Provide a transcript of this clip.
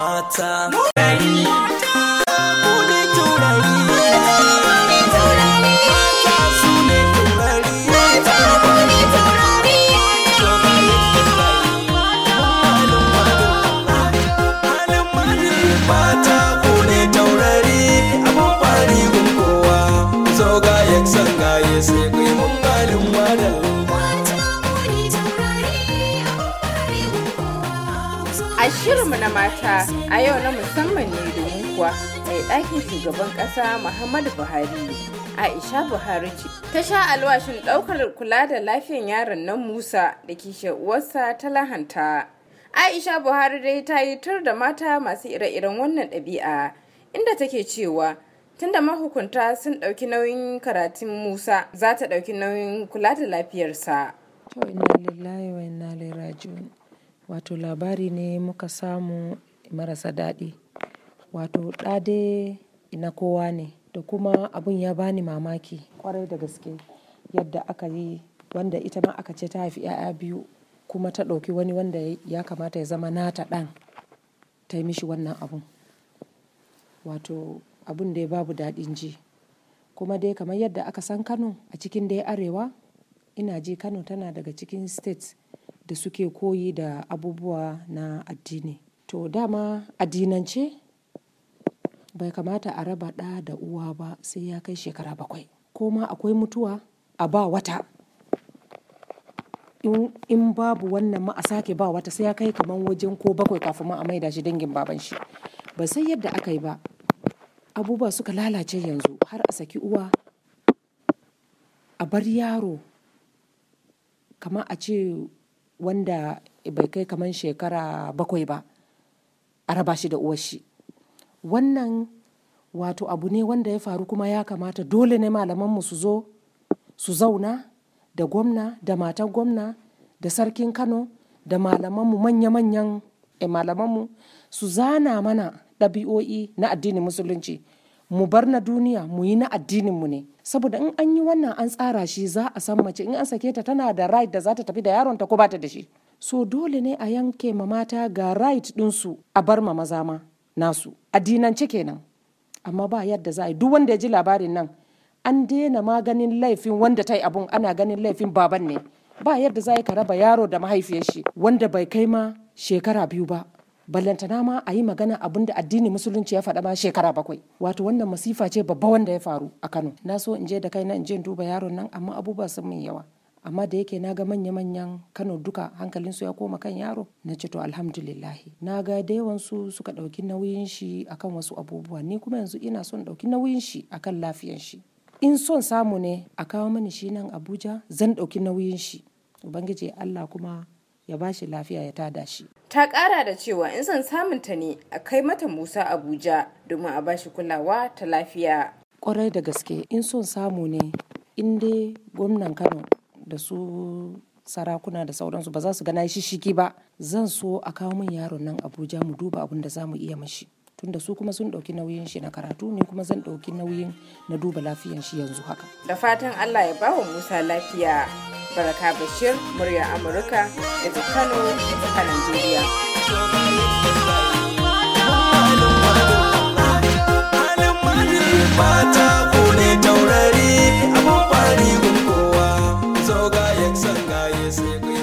mata dari bude taurari mata su ne taurari taurari abun fari kowa zo gayen san gaye sai ku mun galin madalla mu na mata a yau na musamman ne domin kuwa mai ɗakin shugaban ƙasa Muhammadu Buhari. Aisha Buhari ce ta sha alwashin ɗaukar kula da lafiyan yaron nan Musa da ke uwarsa ta lahanta. Aisha Buhari dai ta yi tur da mata masu ire-iren wannan ɗabi'a inda take cewa tunda mahukunta sun ɗauki nauyin karatun Musa za ta ɗauki nauyin kula da lafiyarsa. wato labari ne muka samu marasa daɗi. Wato ɗade dai na kowa ne da kuma abun ya bani mamaki kwarai da gaske yadda aka yi wanda ita ma aka ce ta haifi 'ya'ya biyu kuma ta ɗauki wani wanda ya kamata ya zama nata ɗan ta yi mishi wannan abun. Wato abun ya babu daɗin ji. Kuma dai kamar yadda aka san Kano a cikin dai Arewa ina ji Kano tana daga cikin states da suke koyi da abubuwa na addini. To dama addinance bai kamata a raba ɗa da uwa ba sai ya kai shekara bakwai. Koma akwai mutuwa a ba wata. In, babu wannan ma a sake ba wata sai ya kai kaman wajen ko bakwai kafin ma a maida shi dangin baban shi. ba sai yadda aka yi ba. Abubuwa suka lalace yanzu har a saki uwa, a bar yaro kama a ce wanda bai kai kamar shekara bakwai ba a raba shi da uwashi wannan wato abu ne wanda ya faru kuma ya kamata dole ne malamanmu su zo su zauna da gwamna da matan gwamna da sarkin kano da malamanmu manya-manyan eh, malamanmu su zana mana ɗabi'o'i na addinin musulunci mu bar na duniya mu yi na addinin mu ne saboda in an yi wannan an tsara shi za a san mace in an sake ta tana da right da za ta tafi da yaron ta ko ba ta da shi so dole ne a yanke ma mata ga right su a bar ma maza ma nasu addinance kenan amma ba yadda za a yi duk wanda ya ji labarin nan an daina maganin laifin wanda ta yi abun ana ganin laifin baban ne ba yadda za a yi ka raba yaro da mahaifiyar shi wanda bai kai ma shekara biyu ba ballantana ma a yi magana abin da addini musulunci ya faɗa ma shekara bakwai wato wannan masifa ce babba wanda ya faru a kano na so in je da kaina in je in duba yaron nan amma abubuwa sun min yawa amma da yake na ga manya-manyan kano duka hankalin su ya koma kan yaro na ce to alhamdulillahi na ga da su suka ɗauki nauyin shi akan wasu abubuwa ni kuma yanzu ina son ɗauki nauyin shi akan lafiyan shi in son samu ne a kawo mani shi nan abuja zan ɗauki nauyin shi ubangiji allah kuma ya ba shi lafiya ya tada shi ta kara da cewa in son samunta ne a kai mata musa abuja domin a ba shi kulawa ta lafiya kwarai da gaske in son samu ne in dai gwamnan kano da su sarakuna da sauransu ba za su gana shi shiki ba zan so a kawo min yaron nan abuja mu duba abin da za mu iya mashi tunda su kuma sun ɗauki nauyin shi na karatu ne kuma zan ɗauki nauyin na duba lafiyan shi yanzu haka da fatan allah ya bawa musa lafiya Baraka Bashir, murya Amurka, daga Kano, a Najeriya. taurari abun fari gun kowa zo ga yan san sangaye sai